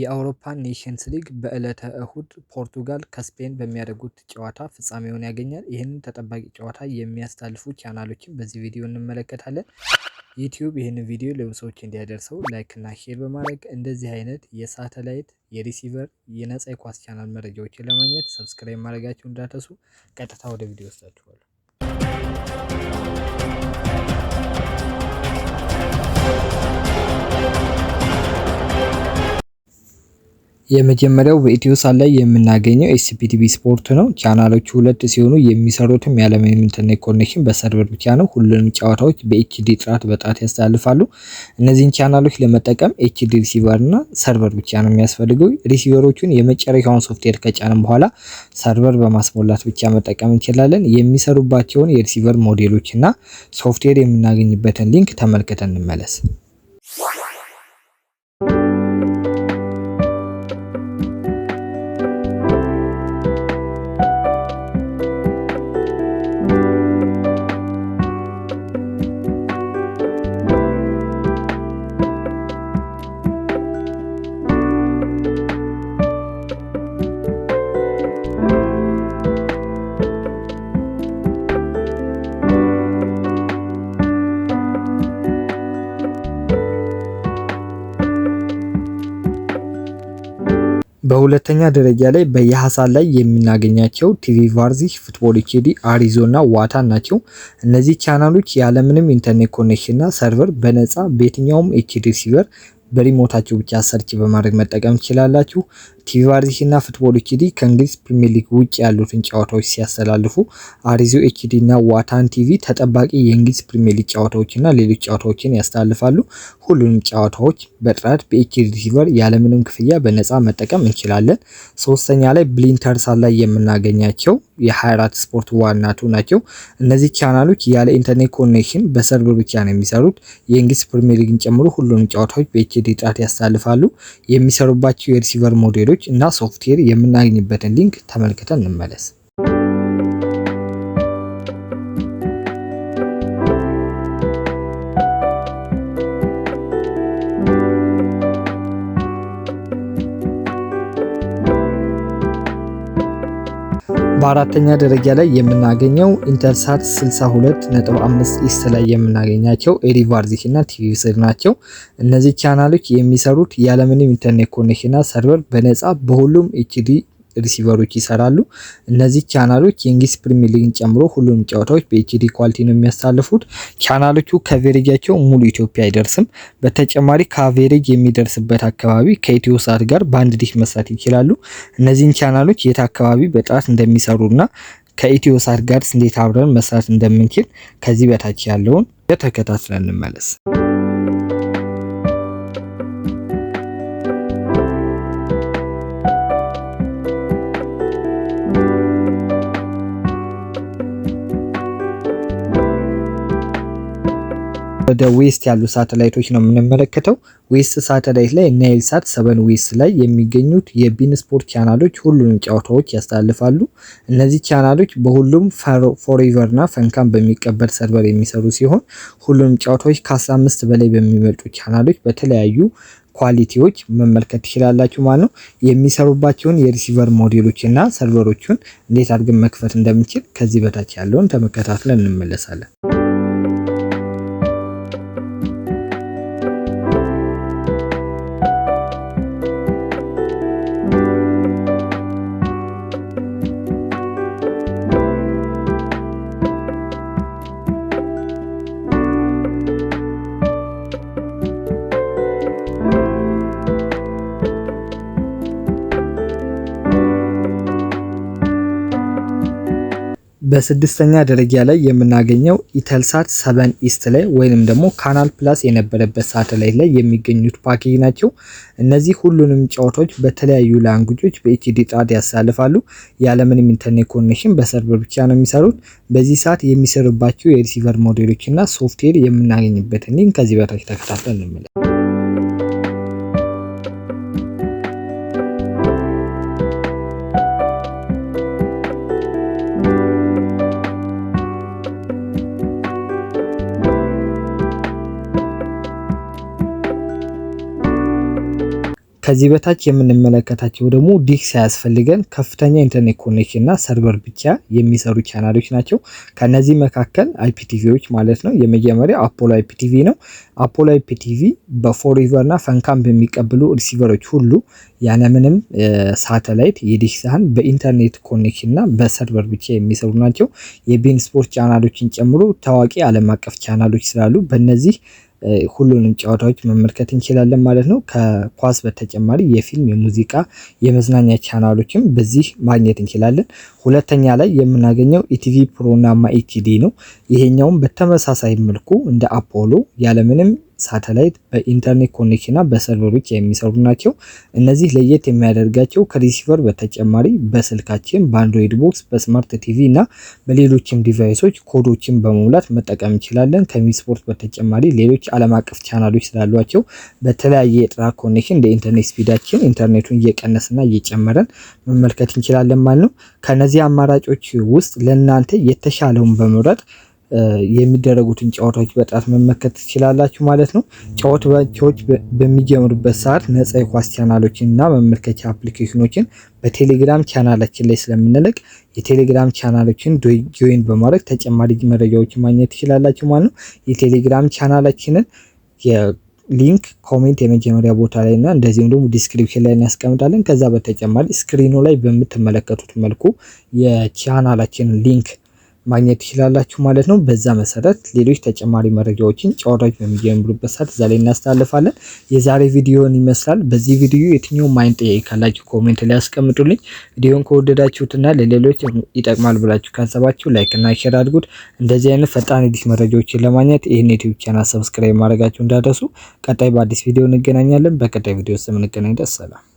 የአውሮፓ ኔሽንስ ሊግ በዕለተ እሁድ ፖርቱጋል ከስፔን በሚያደርጉት ጨዋታ ፍጻሜውን ያገኛል። ይህንን ተጠባቂ ጨዋታ የሚያስተላልፉ ቻናሎችን በዚህ ቪዲዮ እንመለከታለን። ዩቲዩብ ይህንን ቪዲዮ ሰዎች እንዲያደርሰው ላይክ እና ሼር በማድረግ እንደዚህ አይነት የሳተላይት የሪሲቨር የነጻ የኳስ ቻናል መረጃዎችን ለማግኘት ሰብስክራይብ ማድረጋቸው እንዳትረሱ። ቀጥታ ወደ ቪዲዮ ወስዳችኋለሁ። የመጀመሪያው በኢትዮሳት ላይ የምናገኘው ኤስፒቲቪ ስፖርት ነው። ቻናሎቹ ሁለት ሲሆኑ የሚሰሩትም ያለምንም ኢንተርኔት ኮኔክሽን በሰርቨር ብቻ ነው። ሁሉንም ጨዋታዎች በኤችዲ ጥራት በጣት ያስተላልፋሉ። እነዚህን ቻናሎች ለመጠቀም ኤችዲ ሪሲቨር እና ሰርቨር ብቻ ነው የሚያስፈልገው። ሪሲቨሮቹን የመጨረሻውን ሶፍትዌር ከጫንም በኋላ ሰርቨር በማስሞላት ብቻ መጠቀም እንችላለን። የሚሰሩባቸውን የሪሲቨር ሞዴሎች እና ሶፍትዌር የምናገኝበትን ሊንክ ተመልክተን እንመለስ። በሁለተኛ ደረጃ ላይ በየሀሳል ላይ የምናገኛቸው ቲቪ ቫርዚ፣ ፉትቦል ኬዲ፣ አሪዞና ዋታ ናቸው። እነዚህ ቻናሎች ያለምንም ኢንተርኔት ኮኔክሽንና ሰርቨር በነፃ በየትኛውም ኤችዲ ሲቨር በሪሞታችሁ ብቻ ሰርች በማድረግ መጠቀም ትችላላችሁ። ቲቪ ቫርዚሽ እና ፉትቦል ኤችዲ ከእንግሊዝ ፕሪሚየር ሊግ ውጭ ያሉትን ጨዋታዎች ሲያስተላልፉ፣ አሪዚዮ ኤችዲ እና ዋታን ቲቪ ተጠባቂ የእንግሊዝ ፕሪሚየር ሊግ ጨዋታዎች እና ሌሎች ጨዋታዎችን ያስተላልፋሉ። ሁሉንም ጨዋታዎች በጥራት በኤችዲ ሪሲቨር ያለምንም ክፍያ በነፃ መጠቀም እንችላለን። ሶስተኛ ላይ ብሊንተርሳት ላይ የምናገኛቸው የ24 ስፖርት ዋናቱ ናቸው። እነዚህ ቻናሎች ያለ ኢንተርኔት ኮኔክሽን በሰርቨር ብቻ ነው የሚሰሩት። የእንግሊዝ ፕሪሚየር ሊግን ጨምሮ ሁሉንም ጨዋታዎች በኤችዲ የኬዲ ጥራት ያሳልፋሉ። የሚሰሩባቸው የሪሲቨር ሞዴሎች እና ሶፍትዌር የምናገኝበትን ሊንክ ተመልክተን እንመለስ። በአራተኛ ደረጃ ላይ የምናገኘው ኢንተልሳት 5 ኢስት ላይ የምናገኛቸው ኤሪቫርዚሽ እና ቲቪስር ናቸው። እነዚህ ቻናሎች የሚሰሩት ያለምንም ኢንተርኔት ኮኔክሽንና ሰርቨር በነፃ በሁሉም ኤችዲ ሪሲቨሮች ይሰራሉ። እነዚህ ቻናሎች የእንግሊዝ ፕሪሚየር ሊግን ጨምሮ ሁሉንም ጨዋታዎች በኤችዲ ኳሊቲ ነው የሚያሳልፉት። ቻናሎቹ ከቬሬጃቸው ሙሉ ኢትዮጵያ አይደርስም። በተጨማሪ ከቬሬጅ የሚደርስበት አካባቢ ከኢትዮ ሳት ጋር በአንድ ዲሽ መስራት ይችላሉ። እነዚህን ቻናሎች የት አካባቢ በጥራት እንደሚሰሩና ከኢትዮ ሳት ጋር እንዴት አብረን መስራት እንደምንችል ከዚህ በታች ያለውን ተከታትለን እንመለስ። ወደ ዌስት ያሉ ሳተላይቶች ነው የምንመለከተው። ዌስት ሳተላይት ላይ እና ኤልሳት ሰበን ዌስት ላይ የሚገኙት የቢን ስፖርት ቻናሎች ሁሉንም ጨዋታዎች ያስተላልፋሉ። እነዚህ ቻናሎች በሁሉም ፎሬቨር እና ፈንካም በሚቀበል ሰርቨር የሚሰሩ ሲሆን ሁሉንም ጨዋታዎች ከ15 በላይ በሚበልጡ ቻናሎች በተለያዩ ኳሊቲዎች መመልከት ትችላላችሁ ማለት ነው። የሚሰሩባቸውን የሪሲቨር ሞዴሎች እና ሰርቨሮቹን እንዴት አድርገን መክፈት እንደምንችል ከዚህ በታች ያለውን ተመከታትለን እንመለሳለን። በስድስተኛ ደረጃ ላይ የምናገኘው ኢተልሳት ሰበን ኢስት ላይ ወይንም ደግሞ ካናል ፕላስ የነበረበት ሳተላይት ላይ የሚገኙት ፓኬጅ ናቸው። እነዚህ ሁሉንም ጨዋታዎች በተለያዩ ላንጉጆች በኤችዲ ጥራት ያሳልፋሉ። ያለምንም ኢንተርኔት ኮኔክሽን በሰርቨር ብቻ ነው የሚሰሩት። በዚህ ሰዓት የሚሰሩባቸው የሪሲቨር ሞዴሎች እና ሶፍትዌር የምናገኝበትን ሊንክ ከዚህ በታች ተከታተል እንመለ ከዚህ በታች የምንመለከታቸው ደግሞ ዲክ ሳያስፈልገን ከፍተኛ ኢንተርኔት ኮኔክሽን እና ሰርቨር ብቻ የሚሰሩ ቻናሎች ናቸው። ከነዚህ መካከል አይፒቲቪዎች ማለት ነው። የመጀመሪያው አፖሎ አይፒቲቪ ነው። አፖሎ አይፒቲቪ በፎሪቨር እና ፈንካም በሚቀብሉ ሪሲቨሮች ሁሉ ያለምንም ሳተላይት የዲሽ ሳህን በኢንተርኔት ኮኔክሽን እና በሰርቨር ብቻ የሚሰሩ ናቸው። የቢን ስፖርት ቻናሎችን ጨምሮ ታዋቂ ዓለም አቀፍ ቻናሎች ስላሉ በነዚህ ሁሉንም ጨዋታዎች መመልከት እንችላለን ማለት ነው። ከኳስ በተጨማሪ የፊልም፣ የሙዚቃ፣ የመዝናኛ ቻናሎችም በዚህ ማግኘት እንችላለን። ሁለተኛ ላይ የምናገኘው ኢቲቪ ፕሮና ማኢቲዲ ነው። ይሄኛውም በተመሳሳይ መልኩ እንደ አፖሎ ያለምንም ሳተላይት በኢንተርኔት ኮኔክሽን እና በሰርቨሮች የሚሰሩ ናቸው። እነዚህ ለየት የሚያደርጋቸው ከሪሲቨር በተጨማሪ በስልካችን በአንድሮይድ ቦክስ፣ በስማርት ቲቪ እና በሌሎችም ዲቫይሶች ኮዶችን በመሙላት መጠቀም እንችላለን። ከሚስፖርት በተጨማሪ ሌሎች ዓለም አቀፍ ቻናሎች ስላሏቸው በተለያየ የጥራት ኮኔክሽን ለኢንተርኔት ስፒዳችን ኢንተርኔቱን እየቀነስና እየጨመረን መመልከት እንችላለን ማለት ነው። ከነዚህ አማራጮች ውስጥ ለእናንተ የተሻለውን በመምረጥ የሚደረጉትን ጨዋታዎች በጣት መመከት ትችላላችሁ ማለት ነው። ጨዋታዎች በሚጀምሩበት ሰዓት ነጻ የኳስ ቻናሎችን እና መመልከቻ አፕሊኬሽኖችን በቴሌግራም ቻናላችን ላይ ስለምንለቅ የቴሌግራም ቻናሎችን ጆይን በማድረግ ተጨማሪ መረጃዎችን ማግኘት ትችላላችሁ ማለት ነው። የቴሌግራም ቻናላችንን ሊንክ ኮሜንት የመጀመሪያ ቦታ ላይ እና እንደዚሁም ደግሞ ዲስክሪፕሽን ላይ እናስቀምጣለን። ከዛ በተጨማሪ ስክሪኑ ላይ በምትመለከቱት መልኩ የቻናላችንን ሊንክ ማግኘት ትችላላችሁ ማለት ነው። በዛ መሰረት ሌሎች ተጨማሪ መረጃዎችን ጨዋታዎች በሚጀምሩበት ሰዓት እዛ ላይ እናስተላልፋለን። የዛሬ ቪዲዮን ይመስላል። በዚህ ቪዲዮ የትኛው ማይን ጥያቄ ካላችሁ ኮሜንት ላይ ያስቀምጡልኝ። ቪዲዮን ከወደዳችሁትና ለሌሎች ይጠቅማል ብላችሁ ካሰባችሁ ላይክ እና ሼር አድርጉት። እንደዚህ አይነት ፈጣን አዲስ መረጃዎችን ለማግኘት ይህን ዩቲዩብ ቻናል ሰብስክራይብ ማድረጋችሁ እንዳደሱ። ቀጣይ በአዲስ ቪዲዮ እንገናኛለን። በቀጣይ ቪዲዮ ስምንገናኝ ደስ ሰላም